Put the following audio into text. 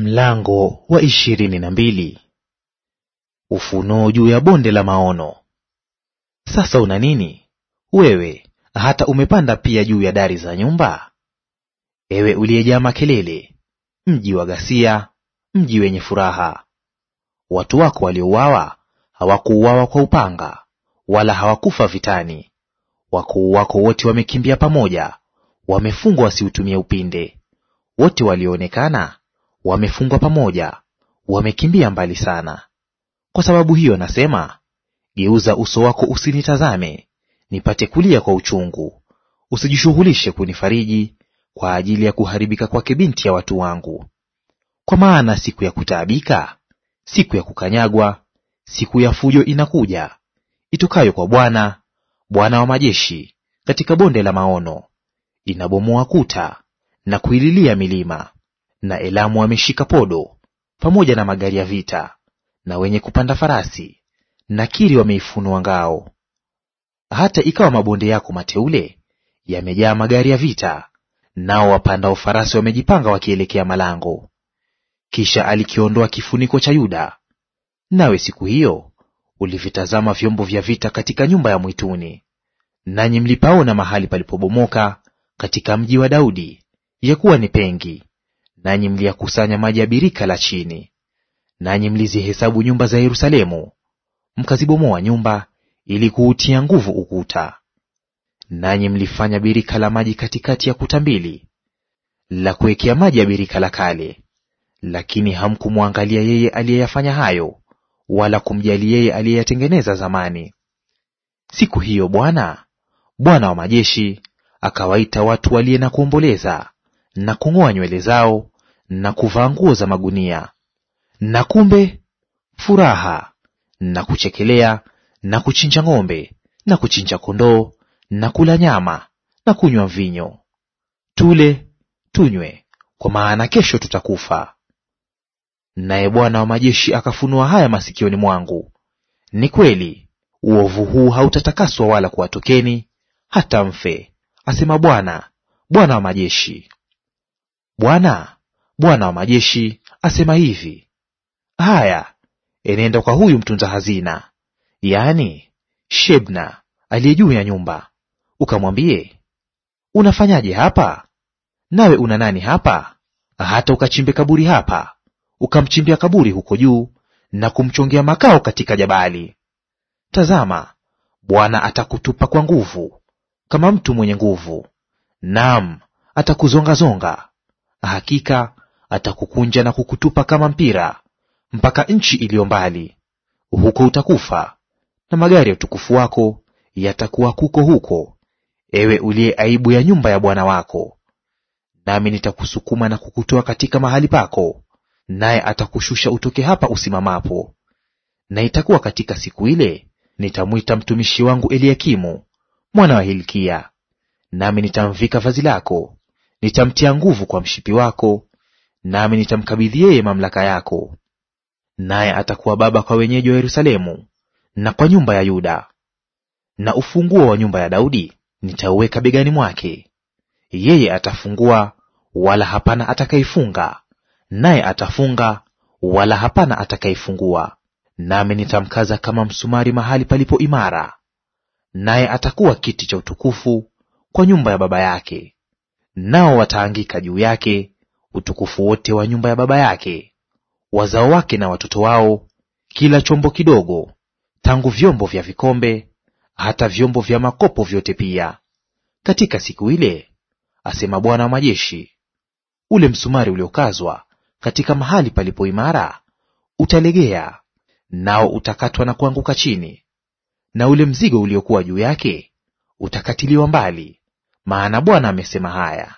Mlango wa ishirini na mbili. Ufunuo juu ya bonde la maono. Sasa una nini wewe, hata umepanda pia juu ya dari za nyumba? Ewe uliyejaa makelele, mji wa ghasia, mji wenye furaha! Watu wako waliouawa hawakuuawa kwa upanga, wala hawakufa vitani. Wakuu wako wote wamekimbia pamoja, wamefungwa wasiutumie upinde. Wote walioonekana wamefungwa pamoja, wamekimbia mbali sana. Kwa sababu hiyo nasema, geuza uso wako usinitazame, nipate kulia kwa uchungu; usijishughulishe kunifariji kwa ajili ya kuharibika kwake binti ya watu wangu. Kwa maana siku ya kutaabika, siku ya kukanyagwa, siku ya fujo inakuja, itokayo kwa Bwana, Bwana wa majeshi, katika bonde la maono; inabomoa kuta na kuililia milima na Elamu wameshika podo pamoja na magari ya vita na wenye kupanda farasi, na Kiri wameifunua ngao. Hata ikawa mabonde yako mateule yamejaa magari ya vita, nao wapandao farasi wamejipanga wakielekea malango. Kisha alikiondoa kifuniko cha Yuda, nawe siku hiyo ulivitazama vyombo vya vita katika nyumba ya mwituni, nanyi mlipaona mahali palipobomoka katika mji wa Daudi ya kuwa ni pengi nanyi mliyakusanya maji ya birika la chini. Nanyi mlizihesabu nyumba za Yerusalemu, mkazibomoa nyumba ili kuutia nguvu ukuta. Nanyi mlifanya birika la maji katikati ya kuta mbili, la kuwekea maji ya birika la kale, lakini hamkumwangalia yeye aliyeyafanya hayo, wala kumjali yeye aliyeyatengeneza zamani. Siku hiyo Bwana, Bwana wa majeshi, akawaita watu waliye na kuomboleza na kung'oa nywele zao na kuvaa nguo za magunia, na kumbe furaha na kuchekelea na kuchinja ng'ombe na kuchinja kondoo na kula nyama na kunywa mvinyo. Tule tunywe, kwa maana kesho tutakufa. Naye Bwana wa majeshi akafunua haya masikioni mwangu, ni kweli, uovu huu hautatakaswa wala kuwatokeni hata mfe, asema Bwana, Bwana wa majeshi. Bwana, Bwana wa majeshi, asema hivi, haya, enenda kwa huyu mtunza hazina, yaani Shebna aliye juu ya nyumba, ukamwambie, unafanyaje hapa? Nawe una nani hapa, hata ukachimbe kaburi hapa, ukamchimbia kaburi huko juu na kumchongea makao katika jabali? Tazama, Bwana atakutupa kwa nguvu kama mtu mwenye nguvu, naam atakuzongazonga hakika atakukunja na kukutupa kama mpira mpaka nchi iliyo mbali; huko utakufa, na magari ya utukufu wako yatakuwa kuko huko, ewe uliye aibu ya nyumba ya Bwana wako. Nami nitakusukuma na kukutoa katika mahali pako, naye atakushusha utoke hapa usimamapo. Na itakuwa katika siku ile, nitamwita mtumishi wangu Eliakimu mwana wa Hilkia, nami nitamvika vazi lako nitamtia nguvu kwa mshipi wako, nami nitamkabidhi yeye mamlaka yako. Naye atakuwa baba kwa wenyeji wa Yerusalemu na kwa nyumba ya Yuda, na ufunguo wa nyumba ya Daudi nitauweka begani mwake. Yeye atafungua wala hapana atakayefunga, naye atafunga wala hapana atakayefungua. Nami nitamkaza kama msumari mahali palipo imara, naye atakuwa kiti cha utukufu kwa nyumba ya baba yake nao wataangika juu yake utukufu wote wa nyumba ya baba yake, wazao wake na watoto wao, kila chombo kidogo, tangu vyombo vya vikombe hata vyombo vya makopo vyote pia. Katika siku ile, asema Bwana wa majeshi, ule msumari uliokazwa katika mahali palipo imara utalegea, nao utakatwa na kuanguka chini, na ule mzigo uliokuwa juu yake utakatiliwa mbali, maana Bwana amesema haya.